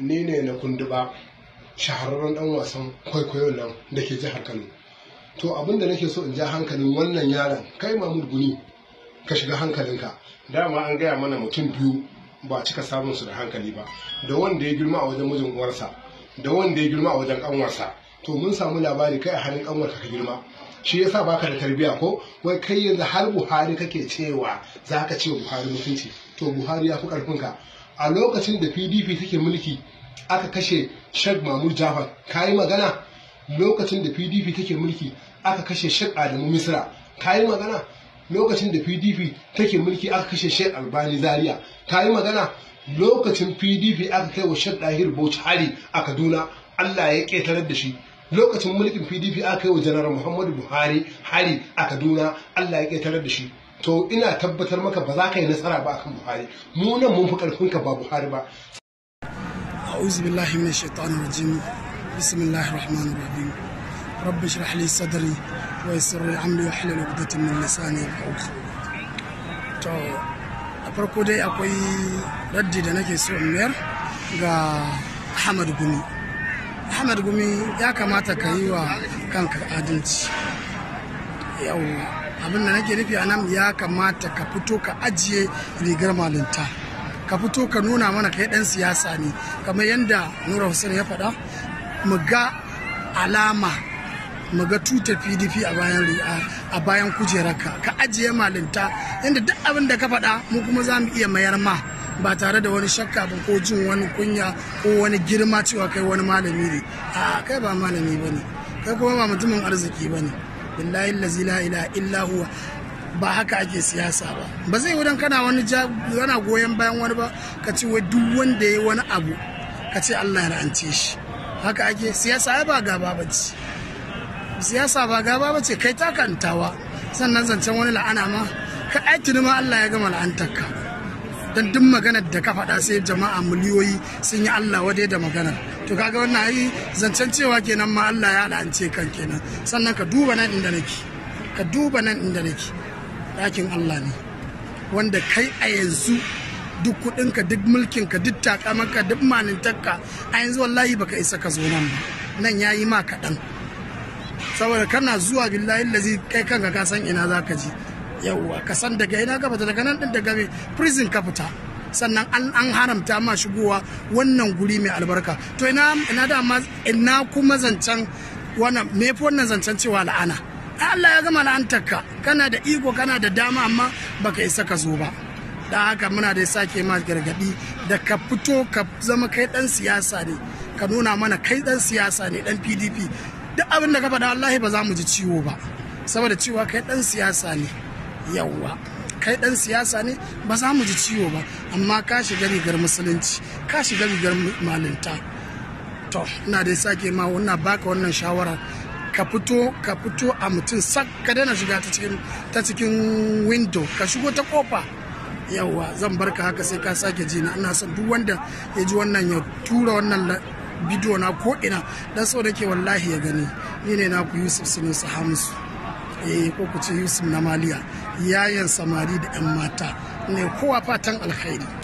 ni ne na kunduba shahararren dan wasan kwaikwayo nan da ke jihar kano to abinda da nake so in ja hankalin wannan yaron kai mahmud guni ka shiga hankalinka dama an gaya mana mutum biyu ba cika samun su da hankali ba da wanda ya girma a wajen mijin uwarsa da wanda ya girma a wajen kanwarsa to mun samu labari kai a halin kanwar ka girma shi yasa baka da tarbiya ko wai kai yanzu har buhari kake cewa zaka ce buhari mutunci to buhari ya fi karfinka a lokacin da pdp suke mulki aka kashe sheikh mahmud jafar ka yi magana lokacin da pdp take mulki aka kashe sheikh adamu misra ka yi magana lokacin da pdp take mulki aka kashe sheikh albani zaria ka yi magana lokacin pdp aka kai wa sheikh dahir bauchi hari a kaduna allah ya ƙetarar da shi lokacin mulkin pdp aka kai wa janar muhammadu buhari hari a kaduna allah ya ƙetarar da shi to ina tabbatar maka ba za ka yi nasara ba akan buhari mu nan mun fi karfin ka ba buhari ba a'udhu billahi minash shaitani rajim bismillahir rahmanir rahim rabbi shrah li sadri wa yassir li amri wa hlul 'uqdatan min lisani yafqahu to a farko dai akwai raddi da nake so in mayar ga Ahmad Gumi Ahmad Gumi ya kamata ka yi wa kanka adalci yau abin da nake nufi a nan ya kamata ka fito ka ajiye rigar malinta ka fito ka nuna mana kai dan siyasa ne kamar yadda nura hussein ya faɗa mu ga alama mu ga tutar pdp a bayan a bayan kujerarka ka ajiye malinta yadda duk abin da ka faɗa mu kuma za mu iya mayar ma ba tare da wani shakka ba ko jin wani kunya ko wani girma cewa kai wani malami ne a kai ba malami ba ne kai kuma ba mutumin arziki ba ne billahi allazi la ilaha illa huwa ba haka ake siyasa ba ba zai wudan kana wani kana goyon bayan wani ba ka ce wai duk wanda ya wani abu ka ce Allah ya ra'ance shi haka ake siyasa ai ba gaba ba ce siyasa ba gaba ba ce kai takantawa sannan zancen wani la'ana ma ka aiki ma Allah ya gama la'antarka don duk maganar da ka faɗa sai jama'a miliyoyi sun yi Allah wadai da maganar to kaga wannan ai zancen cewa kenan ma Allah ya la'ance kan kenan sannan ka duba nan inda nake ka duba nan inda nake ɗakin Allah ne wanda kai a yanzu duk kuɗinka duk mulkinka duk takamanka duk manintarka a yanzu wallahi baka isa ka zo nan ba nan ya yi ma kaɗan saboda kana zuwa billahi lazi kai kanka ka san ina za ka ji yauwa ka san daga ina ka fita daga nan ɗin daga prison ka fita sannan an haramta ma shigowa wannan guri mai albarka to ina ina da ina kuma zancen wannan me wannan zancen cewa la'ana Allah ya gama la'antarka kana da iko kana da dama amma baka isa ka zo ba da haka muna da sake ma gargadi da ka fito ka zama kai dan siyasa ne ka nuna mana kai dan siyasa ne dan PDP duk abin da ka faɗa wallahi ba za mu ji ciwo ba saboda cewa kai dan siyasa ne yawwa kai dan siyasa ne ba za mu ji ciwo ba amma ka shiga rigar musulunci ka shiga rigar malinta to ina dai sake ma wannan baka wannan shawara ka fito ka fito a mutum sak ka daina shiga ta cikin ta cikin window ka shigo ta kofa yawa zan barka haka sai ka sake jina ina son duk wanda ya ji wannan ya tura wannan bidiyo na ko ina dan so da ke wallahi ya gani ni ne naku Yusuf Sunusa Hamisu Eh, ko ku ce yusuf na maliya yayin samari da 'yan mata ne kowa fatan alkhairi